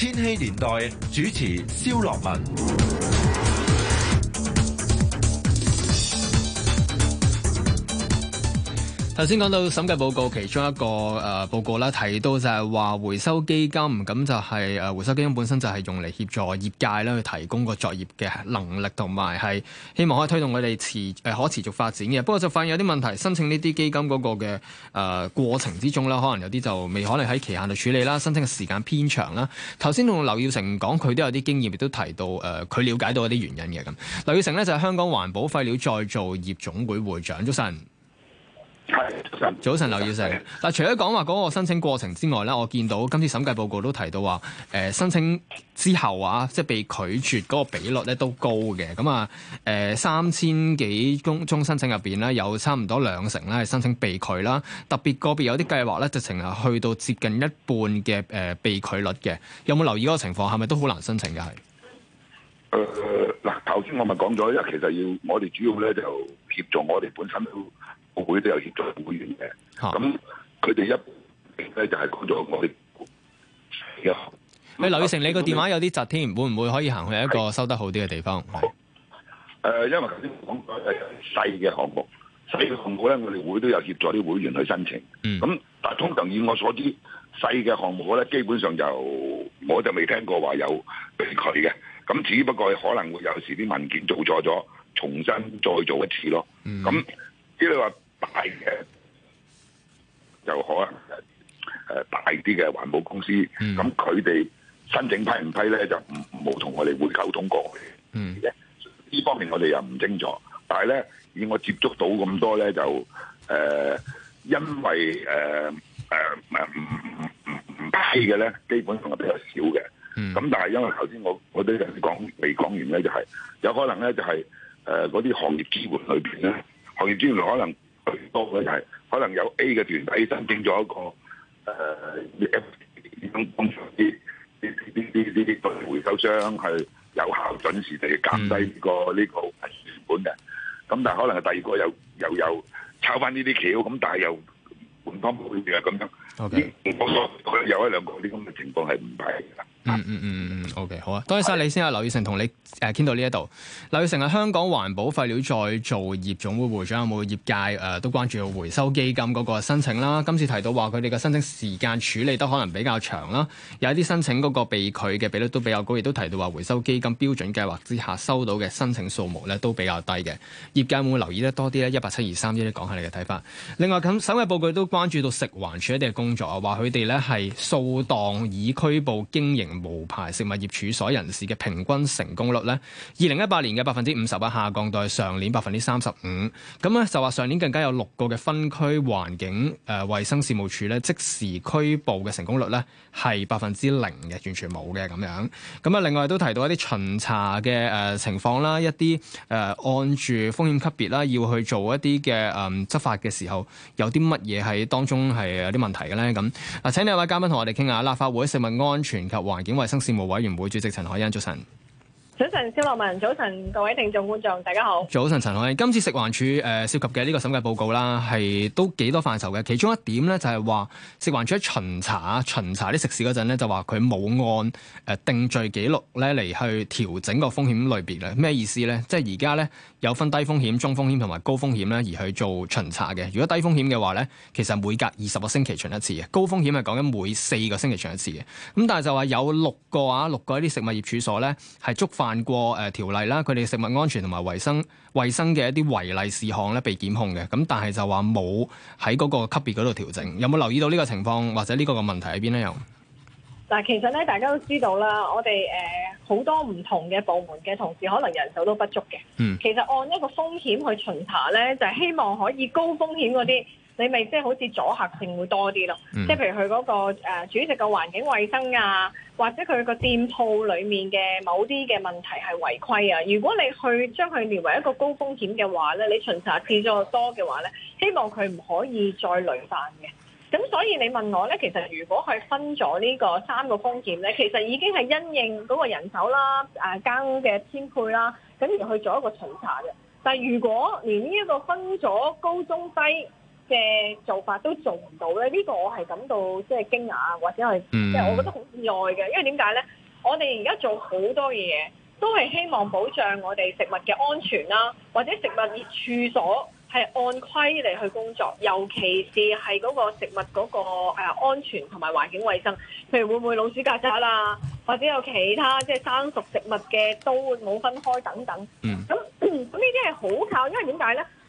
千禧年代主持蕭樂文。頭先講到審計報告其中一個誒、呃、報告啦，提到就係話回收基金，咁就係、是、誒、呃、回收基金本身就係用嚟協助業界啦，去提供個作業嘅能力，同埋係希望可以推動佢哋持誒、呃、可持續發展嘅。不過就發現有啲問題，申請呢啲基金嗰個嘅誒過程之中啦，可能有啲就未可能喺期限度處理啦，申請嘅時間偏長啦。頭先同劉耀成講，佢都有啲經驗，亦都提到誒佢、呃、了解到一啲原因嘅咁。劉耀成呢，就係、是、香港環保廢料再造業總會會長，早晨。係早晨，劉耀成。嗱，除咗講話嗰個申請過程之外咧，我見到今次審計報告都提到話，誒、呃，申請之後啊，即係被拒絕嗰個比率咧都高嘅。咁、嗯、啊，誒、呃，三千幾公宗申請入邊咧，有差唔多兩成咧係申請被拒啦。特別個別有啲計劃咧，就成啊去到接近一半嘅誒、呃、被拒率嘅。有冇留意嗰個情況？係咪都好難申請㗎？係誒、呃，嗱，頭先我咪講咗，因為其實要我哋主要咧就協助我哋本身會都有協助會員嘅，咁佢哋一咧就係講咗我哋嘅。你劉以成，你個電話有啲窒添，那會唔會可以行去一個收得好啲嘅地方？誒是是、呃，因為頭先講誒細嘅項目，細嘅項目咧，我哋會都有協助啲會員去申請。咁但係通常以我所知，細嘅項目咧，基本上就我就未聽過話有被拒嘅。咁只不過可能會有時啲文件做錯咗，重新再做一次咯。咁即係話。大嘅就可能誒大啲嘅環保公司，咁佢哋申請批唔批咧就唔冇同我哋會溝通過嘅，嗯，呢方面我哋又唔清楚。但係咧以我接觸到咁多咧就誒、呃，因為誒誒唔唔唔唔批嘅咧，基本上係比較少嘅。咁、mm. 但係因為頭先我我都講未講完咧，完的就係、是、有可能咧就係誒嗰啲行業支援裏邊咧，行業支援可能。多嘅就係可能有 A 嘅團體申請咗一個誒、呃、F 啲啲啲啲啲回收商去有效準時地減低呢個呢個成本嘅，咁但係可能係第二個又又又抄翻呢啲橋，咁但係又唔當回事啊，咁我我有一兩個呢啲咁嘅情況係唔係㗎？嗯嗯嗯嗯嗯，OK 好啊，多謝晒你先啊，劉以成同你誒傾、呃、到呢一度。劉以成係香港環保廢料再造業總會會長，有冇業界誒、呃、都關注到回收基金嗰個申請啦？今次提到話佢哋嘅申請時間處理得可能比較長啦，有一啲申請嗰個被拒嘅比率都比較高，亦都提到話回收基金標準計劃之下收到嘅申請數目咧都比較低嘅。業界會唔會留意得呢？多啲咧？一八七二三一一講下你嘅睇法。另外咁，審計報告都關注到食環署一啲嘅工作啊，話佢哋咧係掃蕩以拘捕經營。無牌食物業處所人士嘅平均成功率咧，二零一八年嘅百分之五十八下降到上年百分之三十五。咁咧就話上年更加有六個嘅分區環境誒、呃、衞生事務處咧，即時拘捕嘅成功率咧係百分之零嘅，完全冇嘅咁樣。咁啊，另外都提到一啲巡查嘅誒情況啦，一啲誒、呃、按住風險級別啦，要去做一啲嘅誒執法嘅時候，有啲乜嘢喺當中係有啲問題嘅咧？咁啊，請兩位嘉賓同我哋傾下立法會食物安全及環。環境衛生事務委員會主席陳凱欣，早晨。早晨，肖樂文，早晨各位聽眾觀眾，大家好。早晨，陳凱欣，今次食環署誒涉及嘅呢個審計報告啦，係都幾多範疇嘅。其中一點咧就係、是、話食環署喺巡查巡查啲食肆嗰陣咧，就話佢冇按誒、呃、定罪記錄咧嚟去調整個風險類別咧。咩意思咧？即係而家咧有分低風險、中風險同埋高風險咧而去做巡查嘅。如果低風險嘅話咧，其實每隔二十個星期巡一次嘅；高風險係講緊每四個星期巡一次嘅。咁但係就話有六個啊六個啲食物業處所咧係觸犯。犯過誒條，呃，例啦，佢哋食物安全同埋衛生衛生嘅一啲違例事項咧被檢控嘅，咁但係就話冇喺嗰個級別嗰度調整，有冇留意到呢個情況或者呢個嘅問題喺邊咧？又嗱，其實咧大家都知道啦，我哋誒好多唔同嘅部門嘅同事可能人手都不足嘅，嗯，其實按一個風險去巡查咧，就係、是、希望可以高風險嗰啲。你咪即係好似阻嚇性會多啲咯，即係、嗯、譬如佢嗰、那個、呃、主席個環境衛生啊，或者佢個店鋪裡面嘅某啲嘅問題係違規啊。如果你去將佢列為一個高風險嘅話咧，你巡查次數多嘅話咧，希望佢唔可以再累犯嘅。咁所以你問我咧，其實如果去分咗呢個三個風險咧，其實已經係因應嗰個人手啦、誒間嘅編配啦，咁而去做一個巡查嘅。但係如果連呢一個分咗高中低，嘅做法都做唔到咧，呢、這個我係感到即係驚訝，或者係即係我覺得好意外嘅。因為點解咧？我哋而家做好多嘢，都係希望保障我哋食物嘅安全啦，或者食物嘅處所係按規嚟去工作，尤其是係嗰個食物嗰、那個、啊、安全同埋環境衛生。譬如會唔會老鼠曱甴啦，或者有其他即係、就是、生熟食物嘅都冇分開等等。嗯，咁咁呢啲係好靠，因為點解咧？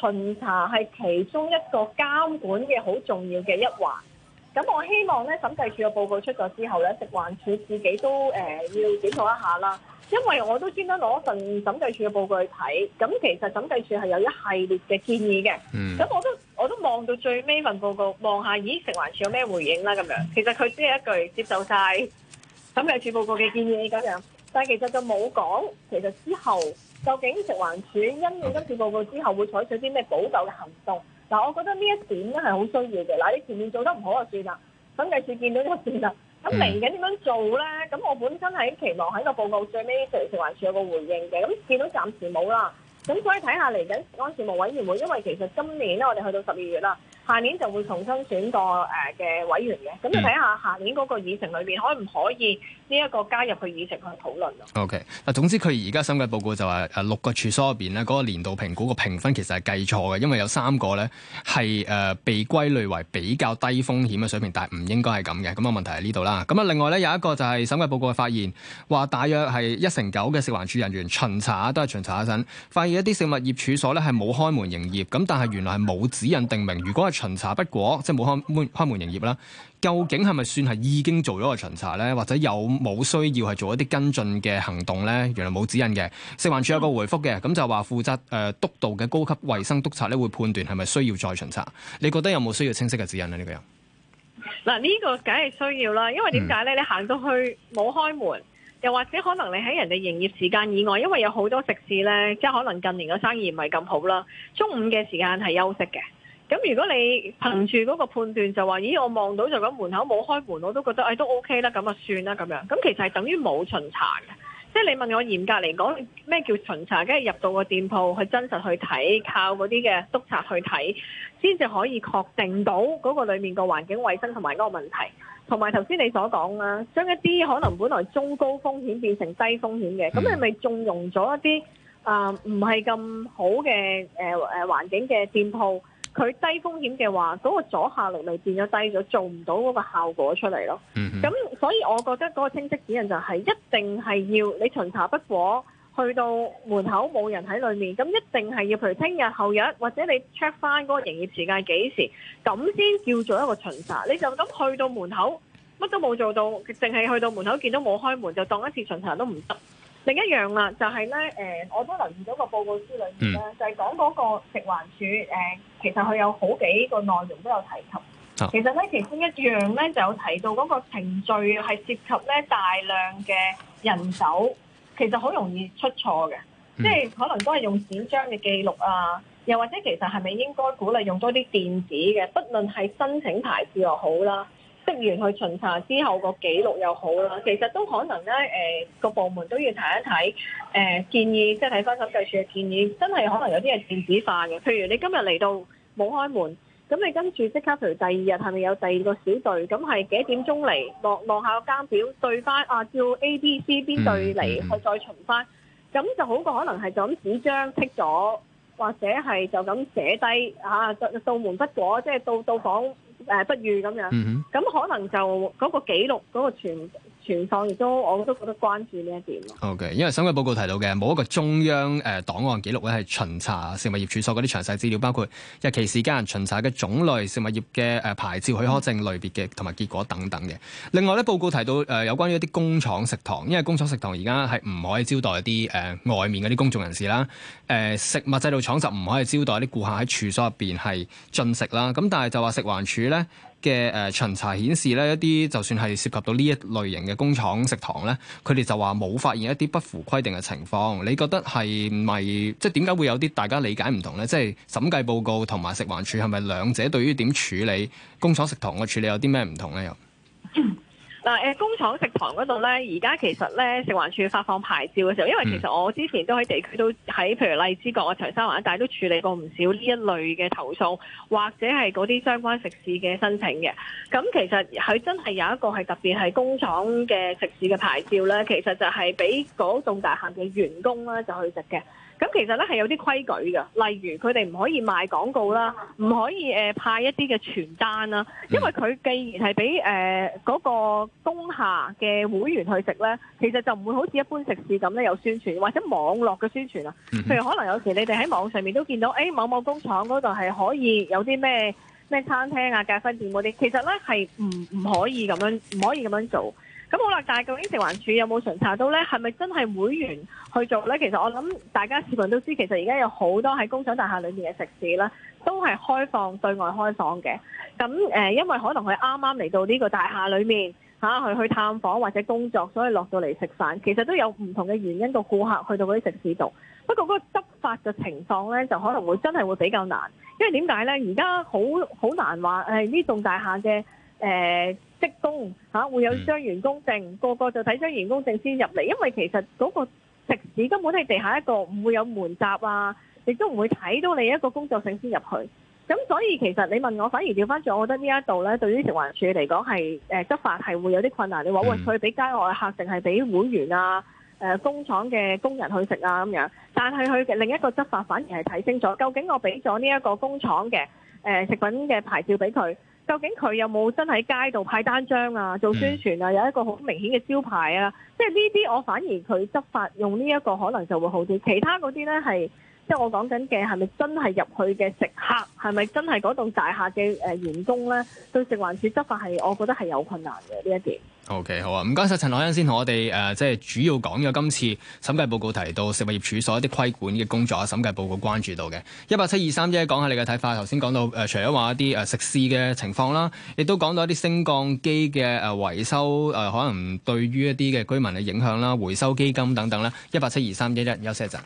巡查係其中一個監管嘅好重要嘅一環，咁我希望咧審計署嘅報告出咗之後咧，食環署自己都誒、呃、要檢討一下啦。因為我都專登攞份審計署嘅報告去睇，咁其實審計署係有一系列嘅建議嘅。嗯。咁我都我都望到最尾份報告，望下咦食環署有咩回應啦咁樣。其實佢只係一句接受晒審計署報告嘅建議咁樣。但係其實就冇講，其實之後究竟食環署因應今次報告之後會採取啲咩補救嘅行動？嗱，我覺得呢一點咧係好需要嘅。嗱，你前面做得唔好就算啦，咁今次見到就算啦，咁嚟緊點樣做咧？咁我本身係期望喺個報告最尾就食環署有個回應嘅，咁見到暫時冇啦，咁所以睇下嚟緊安事務委員會，因為其實今年咧我哋去到十二月啦。下年就會重新選個誒嘅委員嘅，咁你睇下下年嗰個議程裏邊可唔可以呢一個加入去議程去討論咯。O K. 嗱，總之佢而家審計報告就話誒六個處所入邊咧，嗰個年度評估個評分其實係計錯嘅，因為有三個咧係誒被歸類為比較低風險嘅水平，但係唔應該係咁嘅。咁啊問題喺呢度啦。咁啊另外咧有一個就係審計報告發現話，大約係一成九嘅食環署人員巡查都係巡查一陣，發現一啲食物業處所咧係冇開門營業，咁但係原來係冇指引定明，如果係。巡查不果即係冇開開開門營業啦，究竟係咪算係已經做咗個巡查呢？或者有冇需要係做一啲跟進嘅行動呢？原來冇指引嘅。食環署有個回覆嘅，咁就話負責、呃、督導嘅高級衛生督察咧會判斷係咪需要再巡查。你覺得有冇需要清晰嘅指引呢？呢個人嗱，呢個梗係需要啦，因為點解呢？你行到去冇開門，又或者可能你喺人哋營業時間以外，因為有好多食肆呢，即係可能近年嘅生意唔係咁好啦，中午嘅時間係休息嘅。咁如果你憑住嗰個判斷就話，咦我望到就咁門口冇開門，我都覺得誒、哎、都 OK 啦，咁啊算啦咁樣。咁其實係等於冇巡查嘅，即係你問我嚴格嚟講咩叫巡查？梗係入到個店鋪去真實去睇，靠嗰啲嘅督察去睇，先至可以確定到嗰個裡面個環境衛生同埋嗰個問題。同埋頭先你所講啦，將一啲可能本來中高風險變成低風險嘅，咁你咪縱容咗一啲唔係咁好嘅誒環境嘅店鋪？佢低風險嘅話，嗰個阻嚇力咪變咗低咗，做唔到嗰個效果出嚟咯。咁所以我覺得嗰個清晰指引就係一定係要你巡查不果，去到門口冇人喺裏面，咁一定係要譬如聽日後日或者你 check 翻嗰個營業時間幾時，咁先叫做一個巡查。你就咁去到門口，乜都冇做到，淨係去到門口見到冇開門就當一次巡查都唔得。另一樣啦，就係、是、咧，誒、呃，我都留意到個報告書裏面咧，嗯、就係講嗰個食環署，誒、呃，其實佢有好幾個內容都有提及。其實咧，其中一樣咧，就有提到嗰個程序係涉及咧大量嘅人手，其實好容易出錯嘅，嗯、即係可能都係用紙張嘅記錄啊，又或者其實係咪應該鼓勵用多啲電子嘅，不論係申請牌照又好啦。職員去巡查之後個記錄又好啦，其實都可能咧誒個部門都要睇一睇誒建議，即係睇翻審計處嘅建議，真係可能有啲係電子化嘅。譬如你今日嚟到冇開門，咁你跟住即刻譬如第二日係咪有第二個小隊？咁係幾點鐘嚟落落下個監表對翻啊？按照 A、B、C 邊隊嚟去再巡翻，咁就好過可能係就咁紙張剔咗，或者係就咁寫低啊到門不果，即係到到訪。誒不如咁樣，咁可能就嗰個記錄，嗰個傳。情況亦都我都覺得關注呢一點。Okay，因為審計報告提到嘅冇一個中央誒檔、呃、案記錄咧，係巡查食物業處所嗰啲詳細資料，包括日期時間巡查嘅種類、食物業嘅誒、呃、牌照許可證類別嘅同埋結果等等嘅。另外咧，報告提到誒、呃、有關於一啲工廠食堂，因為工廠食堂而家係唔可以招待一啲誒、呃、外面嗰啲公眾人士啦。誒、呃，食物製造廠就唔可以招待啲顧客喺處所入邊係進食啦。咁但係就話食環署咧，嘅誒、呃、巡查顯示咧，一啲就算係涉及到呢一類型嘅工廠食堂咧，佢哋就話冇發現一啲不符規定嘅情況。你覺得係咪即係點解會有啲大家理解唔同咧？即係審計報告同埋食環署係咪兩者對於點處理工廠食堂嘅處理有啲咩唔同咧？又？ 嗱，誒工廠食堂嗰度咧，而家其實咧食環署發放牌照嘅時候，因為其實我之前都喺地區都喺譬如荔枝角、長沙灣，一帶都處理過唔少呢一類嘅投訴，或者係嗰啲相關食肆嘅申請嘅。咁其實佢真係有一個係特別係工廠嘅食肆嘅牌照咧，其實就係俾嗰棟大廈嘅員工咧就去食嘅。咁其實咧係有啲規矩嘅，例如佢哋唔可以賣廣告啦，唔可以、呃、派一啲嘅傳單啦，因為佢既然係俾誒嗰個工廈嘅會員去食咧，其實就唔會好似一般食肆咁咧有宣傳，或者網絡嘅宣傳啊。譬、嗯、如可能有時你哋喺網上面都見到，誒、哎、某某工廠嗰度係可以有啲咩咩餐廳啊、咖啡店嗰啲，其實咧係唔唔可以咁樣唔可以咁樣做。咁好啦，但係究竟食環署有冇巡查到呢？係咪真係會員去做呢？其實我諗大家市民都知，其實而家有好多喺工廠大廈裏面嘅食肆啦，都係開放對外開放嘅。咁誒、呃，因為可能佢啱啱嚟到呢個大廈裏面去、啊、去探訪或者工作，所以落到嚟食飯，其實都有唔同嘅原因，個顧客去到嗰啲食肆度。不過嗰個執法嘅情況呢，就可能會真係會比較難，因為點解呢？而家好好難話呢、呃、棟大廈嘅誒。呃職工嚇、啊、會有張員工證，個個就睇張員工證先入嚟，因為其實嗰個食肆根本係地下一個，唔會有門閘啊，亦都唔會睇到你一個工作證先入去。咁所以其實你問我，反而調翻轉，我覺得呢一度呢，對於食環署嚟講係、呃、執法係會有啲困難。你話喂，佢俾街外客定係俾會員啊？呃、工廠嘅工人去食啊咁樣，但係佢另一個執法反而係睇清楚，究竟我俾咗呢一個工廠嘅、呃、食品嘅牌照俾佢。究竟佢有冇真喺街度派單張啊、做宣傳啊？有一個好明顯嘅招牌啊，即係呢啲我反而佢執法用呢一個可能就會好啲，其他嗰啲呢，係。即係我講緊嘅係咪真係入去嘅食客係咪真係嗰棟大廈嘅誒員工咧？對食環署執法係，我覺得係有困難嘅呢一啲。OK，好啊，唔該晒。陳凱欣先同我哋誒，即、呃、係主要講咗今次審計報告提到食物業處所一啲規管嘅工作，審計報告關注到嘅。一八七二三一一，講下你嘅睇法。頭先講到誒、呃，除咗話一啲誒食肆嘅情況啦，亦都講到一啲升降機嘅誒維修誒、呃，可能對於一啲嘅居民嘅影響啦、回收基金等等啦。一八七二三一一，休息一陣。